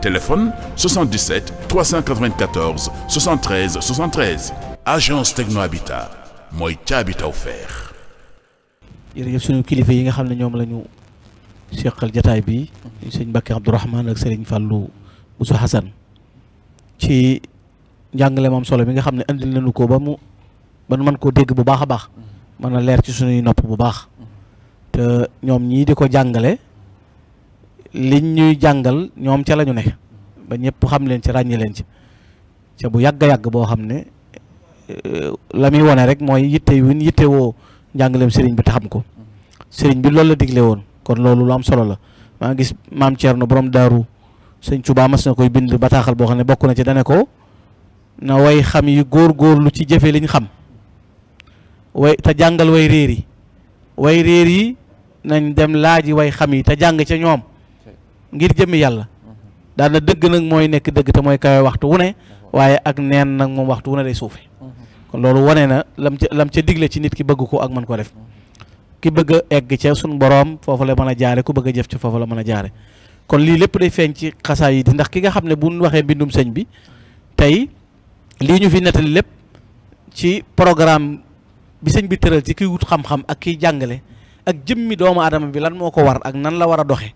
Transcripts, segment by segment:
téléphone 77 394 73 73 agence Techno Habitat mooy ca Habitat offert. jërëjëf suñu kilifa yi nga xam ne ñoom la ñu seqal jataay bi sëñ Mbacke Abdourahmane ak sëriñ Fallou Bousso Hassan ci njàngale moom solo bi nga xam ne andil nañu ko ba mu ba mën koo dégg bu baax a baax mën a leer ci suñuy nopp bu baax te ñoom ñii di ko jàngale. liñ ñuy jàngal ñoom ca lañu ne ba ñëpp xam leen ci ràññi leen ci ca bu yàgg yàgg boo xam ne eh, la muy wone rek mooy yitte win yitte woo njàngaleem sëriñ bi xam ko sëriñ bi loolu la digle woon kon loolu lu am solo la maa gis maam na borom daaru sëñ Touba mas na koy bind bataaxal boo xam ne bokk na ci dane ko na way xam yi góor góor lu ci jëfe liñ xam way te jàngal way réer yi way réer yi nañ dem laaji way xam yi te jàng ca ñoom ngir jëmm yàlla daana dëgg nag mooy nekk dëgg te mooy kawe waxtu wu ne waaye ak neen nag moom waxtu wu ne day suufe kon loolu wane na lam ca lam ca digle ci nit ki bëgg ko ak man koo def ki bëgg egg ca suñ boroom foofu la mën a jaare ku bëgg a jëf ci foofu la mën a jaare kon lii lépp day feeñ ci xasaa yi di ndax ki nga xam ne bu ñu waxee mbindum sëñ bi tey lii ñu fi nettali lépp ci programme bi sëñ bi tëral ci ki wut xam-xam ak kiy jàngale ak jëmmi doomu adama bi lan moo ko war ak nan la war a doxe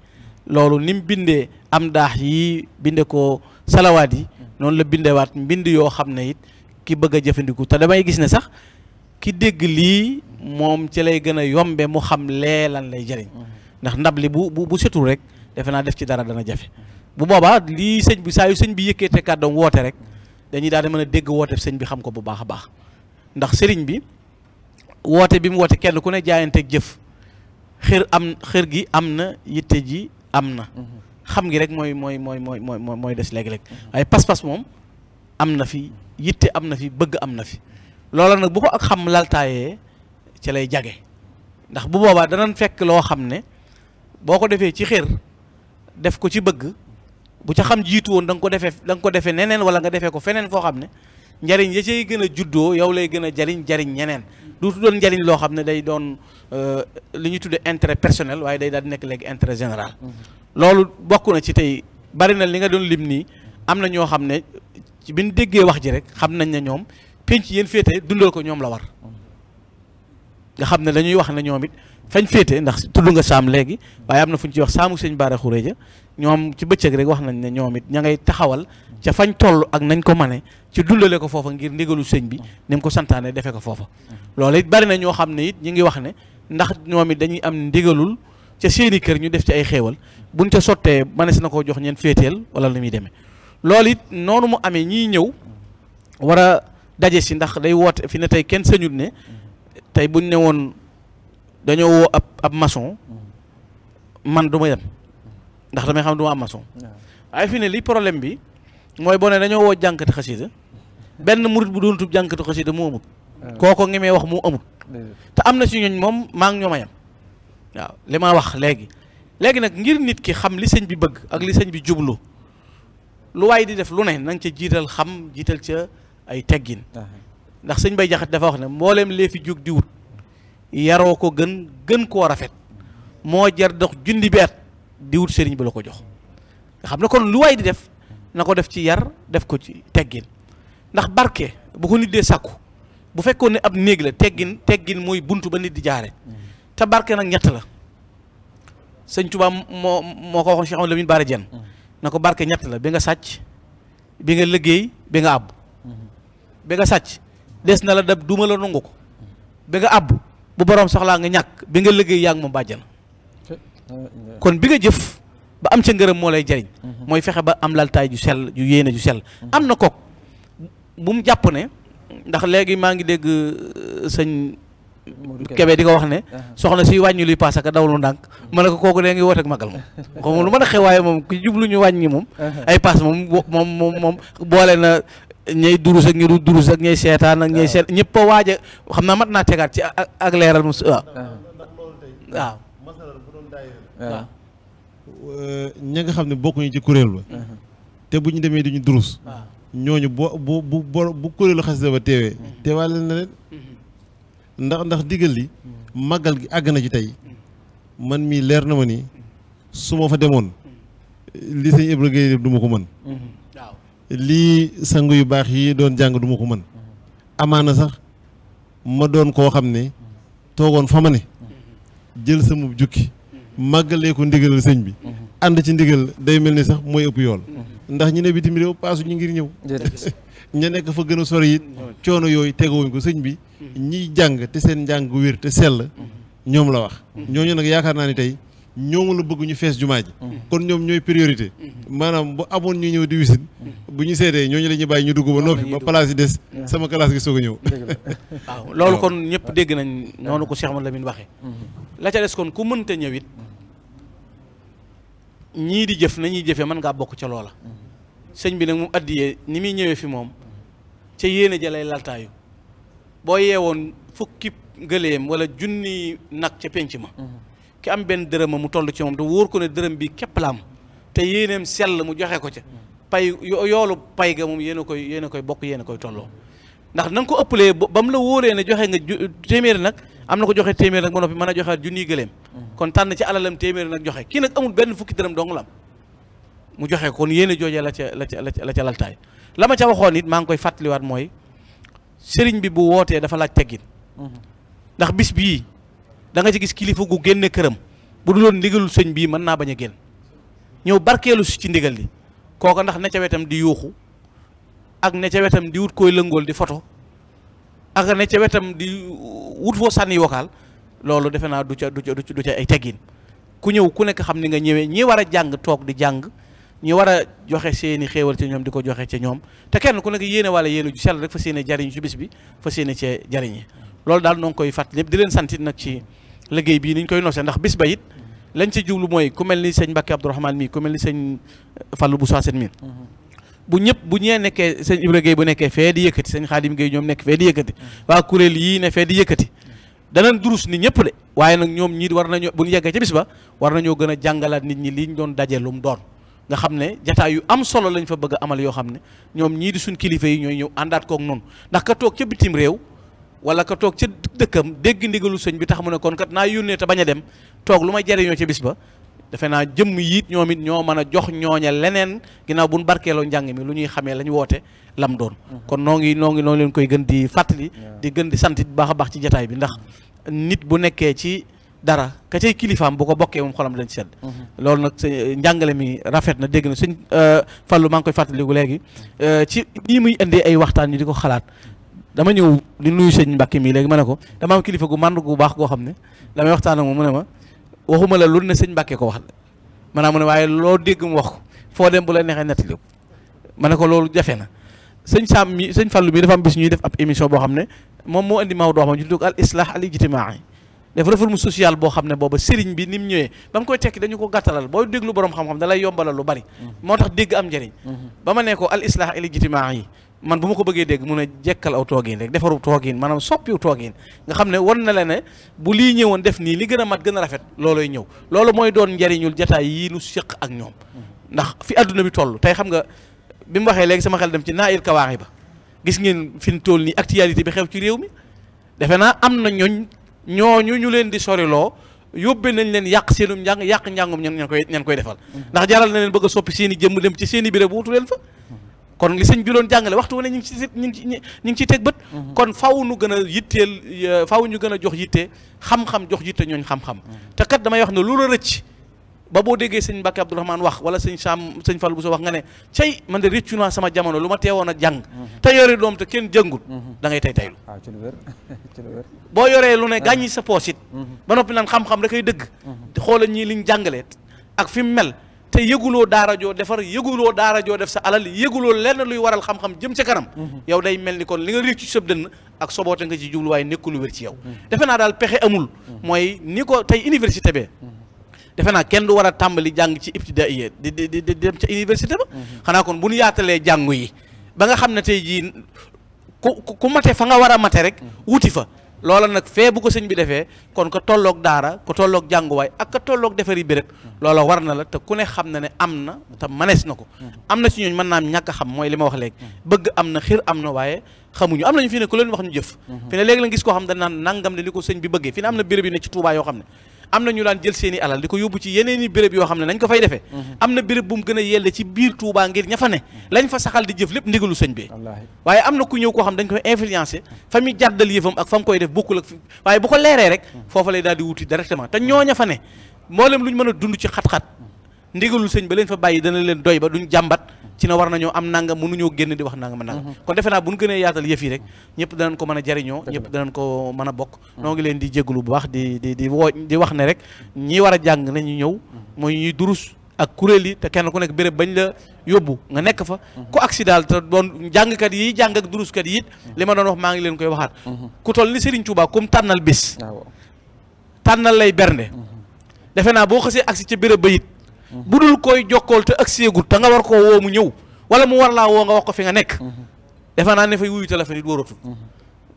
loolu ni mu bindee am daax yi binde ko salawaat yi noonu la bindewaat mbind yoo xam ne it ki bëgg a jëfandiku te damay gis ne sax ki dégg lii moom ci lay gën a yombe mu xam lee lan lay jëriñ ndax ndab li bu bu setul rek defe naa def ci dara dana jafe bu boobaa lii sëñ bi saa yu sëñ bi yëkkee te kàddoom woote rek dañuy daal di mën a dégg woote sëñ bi xam ko bu baax a baax ndax sëriñ bi woote bi mu woote kenn ku ne jaayante jëf xër am xër gi am na yitte ji am na. xam ngi rek mooy mooy mooy mooy mooy mooy des léeg-léeg waaye pas-pas moom am na fi yitte am na fi bëgg am na fi loola nag bu ko ak xam laltaayee ci lay jage ndax bu boobaa danañ fekk loo xam ne boo ko defee ci xér def ko ci bëgg bu ca xam jiitu woon da nga ko defee da nga ko defee neneen wala nga defee ko feneen foo xam ne njariñ ya cay gën a juddoo yow lay gën a jariñ jariñ ñeneen du doon njariñ loo xam ne day doon euh, li ñu tudde intérêt personnel waaye day daal di nekk léegi intérêt général mm-hmm. loolu bokk na ci tey bari na li nga doon lim nii am na ñoo xam ne bi ñu déggee wax ji rek xam nañ ne ñoom penc yéen féete dundoo ko ñoom la war mm-hmm. nga xam ne dañuy wax ne ñoom it fañ féete ndax tudd nga saam léegi waaye am na fu ñu ci wax saamu sëñ Baara Xureja ñoom ci bëccëg rek wax nañ ne ñoom it ña ngay taxawal ca fañ toll ak nañ ko mane ci dundale ko foofa ngir ndigalu sëñ bi ni ko santaane defe ko foofa loolu it bari na ñoo xam ne it ñu ngi wax ne ndax ñoom it dañuy am ndigalul ca seeni kër ñu def ci ay xéewal buñ ca sottee manes na koo jox ñeen féeteel wala lu muy demee loolu it noonu mu amee ñiy ñëw war a si ndax day woote fi tey kenn sëñut ne dañoo woo ab ab maçon man du ma ndax damay xam du ma am maçon waaye fi ne li problème bi mooy boo ne dañoo woo jànkati xasida benn murit bu doon tub jànkati xasida mu amut kooko ngi may wax mu amut te am na si ñooñ moom maa ngi ñoo ma yem waaw li ma wax léegi léegi nag ngir nit ki xam li sëñ bi bëgg ak li sëñ bi jublu lu waaye di def lu ne na nga ca jiital xam jiital ca ay teggin ndax sëñ bay jaxat dafa wax ne mbooleem lee fi jóg di yaroo ko gën gën koo rafet moo jar dox junni bi at di wut sëriñ bi la ko jox nga xam ne kon lu waay di def na ko def ci yar def ko ci teggin ndax barke bu ko nit dee sàkku bu fekkoon ne ab néeg la teggin teggin mooy bunt ba nit di jaare mm-hmm. te barke nag ñett la sëñ Tuubaa moo moo ko waxoon Cheikh Amadou Lamine Bara Dieng mm-hmm. na ko barke ñett la bi nga sàcc bi nga liggéey bi nga àbb mm-hmm. bi nga sàcc des na la dab duma la nangu ko bi nga àbb bu borom soxlaa nga ñàkk bi nga liggéey yàgg ngi moom bàjjal kon bi nga jëf ba am ca ngërëm moo lay jariñ mhm. mooy fexe ba am laltaay ju sel ju yéene ju sell mhm. am na kook bu mu jàpp ne ndax léegi maa ngi dégg euh, sëñ kebe di ko wax ne soxna si wàññi luy paasaka dawlu ndànk mën mhm. a ko kooku nee ngi woote ak magal moom xaw lu mën a xewaaye moom ku jublu ñu wàññi moom ay paas moom moom moom moom boole na ñay durus ak ñi du durus ak ñay seetaan ak ñay seet ñëpp a waaj a xam naa mat naa tegaat ci ak leeral mu waaw waaw waaw ña nga xam ne bokkuñu ci kuréel ba te bu ñu demee di ñu durus ñooñu boo bu bu bu kuréelu xasida ba teewee teewaale na leen ndax ndax digal li màggal gi àgg na ci tey man mii leer na ma ni su ma fa demoon li sëñ Ibra Gueye du ma ko mën lii sang yu baax yi doon jàng du ma ko mën amaana sax ma doon koo xam ne toogoon fa ma ne jël sama jukki màggalee ko ndigalal sëñ bi ànd ci ndigal day mel ni sax mooy ëpp yool ndax ñu ne bitim réew paasu ñu ngir ñëw ña nekk fa gën a sori coono yooyu tegawuñ ko sëñ bi ñiy jàng te seen njàng wér te sell ñoom la wax mm-hmm. ñooñu nag yaakaar naa ni tey ñoom la bëgg ñu fees jumaa ji mm-hmm. Mm-hmm. kon ñoom ñooy priorité mm-hmm. maanaam bu amoon ñu ñëw di wisit bu ñu seetee ñooñu la ñuy bàyyi ñu dugg ba noppi ba place yi des sama classe gi soog a ñëw loolu kon ñëpp dégg nañ noonu ko Cheikh Mouhamed Lamine waxee la ca des kon ku mënta ñëw ñii di jëf nañuy jëfee mën ngaa bokk ca loola sëñ bi nag mu addiyee ni muy ñëwee fi moom ca yéene ja lay laltaayu boo yeewoon fukki gëleem wala junni nag ca penc ma ki am benn dërëma mu toll ci moom te wóor ko ne dërëm bi képp la am te yéeneem sell mu joxe ko ca pay yoolu pay ga moom yéen a koy yéen a bokk yéen a koy tolloo ndax na ko ëppalee ba mu la wóoree ne joxe nga téeméeri nag am na ko joxe téeméeri nag ba mën a joxewaat junniy gëleem mm-hmm. kon tànn ci alalam téeméeri nag joxe kii nag benn fukki dërëm dong la am mu joxe kon yéen a joojee la ca la ca la ca laltaay la ma ca waxoon it maa ngi koy fàttaliwaat mooy sëriñ bi bu wootee dafa laaj teggin mm-hmm. ndax bis bii da nga ci gis kilifa gu génne këram bu du loon ndigalul sëñ bii mën naa bañ a génn ñëw barkeelu si ci ndigal li kooka ndax ne ca wetam di yuuxu ak ne ca wetam di wut koy lëngool di foto ak ne ca wetam di wut foo sànni vocal loolu defe naa du ca du ca du ca ay teggin ku ñëw ku nekk xam ni nga ñëwee ñi war a jàng toog di jàng ñi war a joxe seeni xéewal ci ñoom di ko joxe ci ñoom te kenn ku nekk yéene wala yéene ju sel rek fa seene jariñ ci bis bi fa seene cee jariñe loolu daal noo koy nag ci léggéey bii niñ koy nosee ndax bis ba it lañ ci jublu mooy ku mel ni sëñ Mbàkke Abdourahmane mii ku mel ni sëñ Fallou bu soixante mille bu ñëpp bu ñee nekkee sëñ Ibra Gueye bu nekkee fee di yëkkati sëñ Xaadim Gueye ñoom nekk fee di yëkkati waa kuréel yii ne fee di yëkkati danañ durus ni ñëpp de waaye nag ñoom ñii war nañoo bu ñu yeggee ca bis ba war nañoo gën a jàngalaat nit ñi liñ doon daje lum doon nga xam ne jataay yu am solo lañ fa bëgg a amal yoo xam ne ñoom ñii di suñ kilifa yi ñooy ñëw àndaat kook noonu ndax ka toog ca réew wala ka toog ca dëkkam dégg ndigalu sëñ bi tax mu ne kon kat naa yónnee te bañ a dem toog lu may jariñoo ca bis ba defe naa jëm yiit ñoom it ñoo mën a jox ñooña leneen ginnaaw nu barkeeloo njàng mi lu ñuy xamee lañ woote lam doon kon noo ngi noo ngi noo leen koy gën di fàttali di gën di santit baax a baax ci jataay bi ndax nit bu nekkee ci dara ka cay kilifaam bu ko bokkee moom xolam dañ sedd mm-hmm. loolu nag eh, njàngale mi rafet na dégg na sëñ eh, Fallou maa ngi koy fàttaliku léegi eh, ci nii muy indee ay waxtaan ñu di ko xalaat dama ñëw di nuyu sëñ Mbacke mii léegi ma ne ko dama am kilifa gu mànd gu baax goo xam ne damay waxtaan ak moom mu ne ma waxuma la lu ne sëñ Mbacke ko wax maanaam mu ne waaye loo dégg mu wax ko foo dem bu la neexee nettali ma ne ko loolu jafe na sëñ Sam mi sëñ Fallou mi dafa am bis ñuy def ab émission boo xam ne moom moo indi Maodo waxam ci tudd al islah al ijtimaai def réforme sociale boo xam ne booba sëriñ bi ni mu ñëwee ba mu koy tekki dañu k gàttalal booy déglu borom xam-xam da lay yombalal lu bari mm-hmm. moo tax dégg am mm-hmm. ma ne man bu ma ko bëggee dégg mun a jekkal aw toogin rek defaru man maanaam soppiw toogin nga xam ne wan na la bu lii ñëwoon def nii li gën a mat gën a rafet looloy ñëw loolu mooy doon njariñul jataay yii nu séq ak ñoom ndax fi àdduna bi toll tey xam nga bi mu waxee léegi sama xel dem ci naa il kawaaxi ba gis ngeen fi mu toll nii actualité bi xew ci réew mi defe naa am na ñooñ ñooñu ñu leen di soriloo yóbbe nañ leen yàq seenum njàng yàq njàngum ñan koy ñan koy defal ndax jaral na leen bëgg a soppi seen i jëmm ci seen i béréb wutu kon li sëñ bi loon jàngale waxtu wane ñu ngi ci ñu ngi ci ñu teg bët. Mhm. kon faw nu gën a yitteel faw ñu gën a jox yitte xam-xam jox yitte ñooñ xam-xam. Mhm. te kat damay wax ne lu la rëcc ba boo déggee sëñ Mbacke Abdourahmane wax wala sëñ Sam sëñ Fallou Bousso wax nga ne cey man de rëccu naa sama jamono lu ma teewoon a jàng. Mhm. te yore doom te kenn jëngul. da ngay tey teylu. waaw ah, ci boo yoree lu ne ah. gàññi sa poos it. ba noppi naan xam-xam da koy dëgg. xoolal ñii liñ jàngaleet ak fi mu mel te yëguloo daara joo defar yëguloo daara joo def sa alal yëguloo lenn luy waral xam-xam jëm ca kanam mhm. yow day mel ni kon li nga riig ci sëb dënn ak soboote nga ci jubluwaay nekkul lu wér ci yow mhm. defe naa daal pexe amul mhm. mooy ni ko tey université bee defe naa kenn du war a tàmbali jàng ci ibtidaiyya di di di dem ca université ba xanaa kon bu nu yaatalee jàngu yi ba nga xam ne tey jii ku ku mate fa nga war a mate rek wuti fa loola nag fee bu ko sëñ bi defee kon ko tolloog daara ko tolloog jànguwaay ak ko tolloog defari béréb loola war na la te ku ne xam na ne am na te manees na ko am na ci ñooñ mën naa am ñàkk xam mooy li ma wax léegi bëgg am na xir am na waaye xamuñu am nañu fi ne ku leen wax ñu jëf mhm. fi ne léegi la gis koo xam da nangam ne ko sëñ bi bëggee fi ne am na béréb yu ne ci Tuubaa yoo xam ne am na ñu daan jël seen i alal di ko yóbbu ci yeneen i yoo xam ne nañ ko fay defee mhm. am na béréb bu mu gën a yelle ci biir Touba ngir ña mhm. lañ fa saxal di jëf lépp ndigalu sëñ bi waaye am na ku ñëw koo xam dañ koy influencé fa muy jàddal yëfam ak fa mu koy def bokkul ak waaye bu ko leeree rek mhm. foofa lay daal di wuti directement te ñooña fa mboolem lu ñu mën a dund ci xat-xat ndigalul sëñ ba leen fa bàyyi dana leen doy ba ñu jàmbat ci na war nañoo am nangam mënuñoo génn di wax nangam ak nangam mhm. kon defe naa bu ñu gënee yaatal yëf yi rek ñëpp danañ ko mën a jariñoo ñëpp danañ ko mën a bokk noo ngi leen di jégalu bu baax di di di woo di wax ne rek ñi war a jàng nañu ñëw mhm. mooy ñuy durus ak kuréel yi te kenn ku nekk béréb bañ la yóbbu nga nekk fa mhm. ku accident te doon jàngkat yi jàng ak duruskat yi it li ma doon wax maa ngi leen koy waxaat ku toll ni Serigne Touba comme tànnal bis tànnal lay bernde defe naa boo xësee agsi ca béréb ba bu dul koy jokkool te ak seegut te war koo woo mu ñëw wala mu war woo nga wax ko fi nga nekk defe naa ne fa wuyu téléphone it wóoratul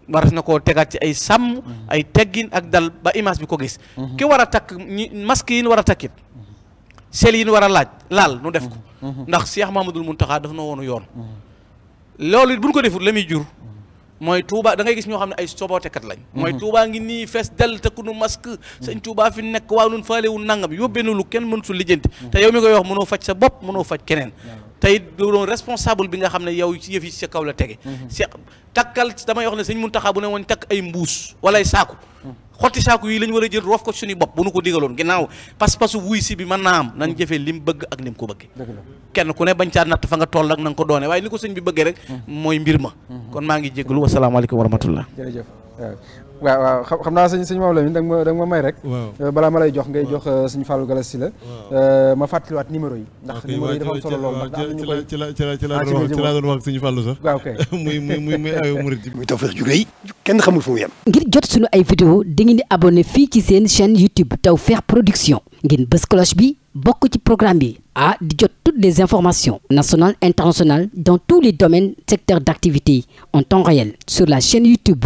war na koo tegaat ci ay sàmm ay teggin ak dal ba image bi ko gis ki war a takk masque yin war a takkit sel yi war a laaj laal nu def ko ndax Cheikh Mamadou Mountakha daf na woonu yoon loolu it buñ ko defut la muy jur mooy Touba da gis ñoo xam ne ay sobootekat lañ mhm. mooy Touba ngi nii fees dell te ku nu masque mhm. sëñ Touba fi nekk waaw nun faalewul nangam yóbbee na lu kenn mën su lijjanti mhm. te yow mi koy wax mënoo faj sa bopp mënoo faj keneen tey doon responsable bi nga xam ne yow yëf yi sa kaw la tege si takkal damay yox ne sëñ Muntaxa bu ne woon takk ay mbuus wala ay saaku xotti saako yi la war a jël roof ko suñu bopp bu nu ko digaloon ginnaaw pas-pasu wuy si bi mën naa am jëfee li bëgg ak ni ko bëggee kenn ku ne bañ caa natt fa nga toll ak na ko doone waaye ni ko sëñ bi bëggee rek mm. mooy mbir ma mm. kon maa ngi jégalu wasalaamaaleykum wa rahmatullah waaw waaw xam naa sëñ sëñ Maam Lamine da nga ma da nga ma may rek euh, balaa ma lay jox ngay jox euh, sëñ Fallou Galas la euh, ma fàttaliwaat numéro yi ndax numéro yi dafa am solo lool ndax ci la ci la ci la ah, ci la doon wax sëñ Fallou sax ay murid kenn xamul fu mu ngir jot suñu ay vidéo di ngeen di abonné fii ci seen chaîne YouTube Tawfekh Production ngeen bës cloche bi bokk ci programme bi ah di jot toutes des informations national internationales dans tous les domaines secteurs d'activité en temps réel sur la chaîne YouTube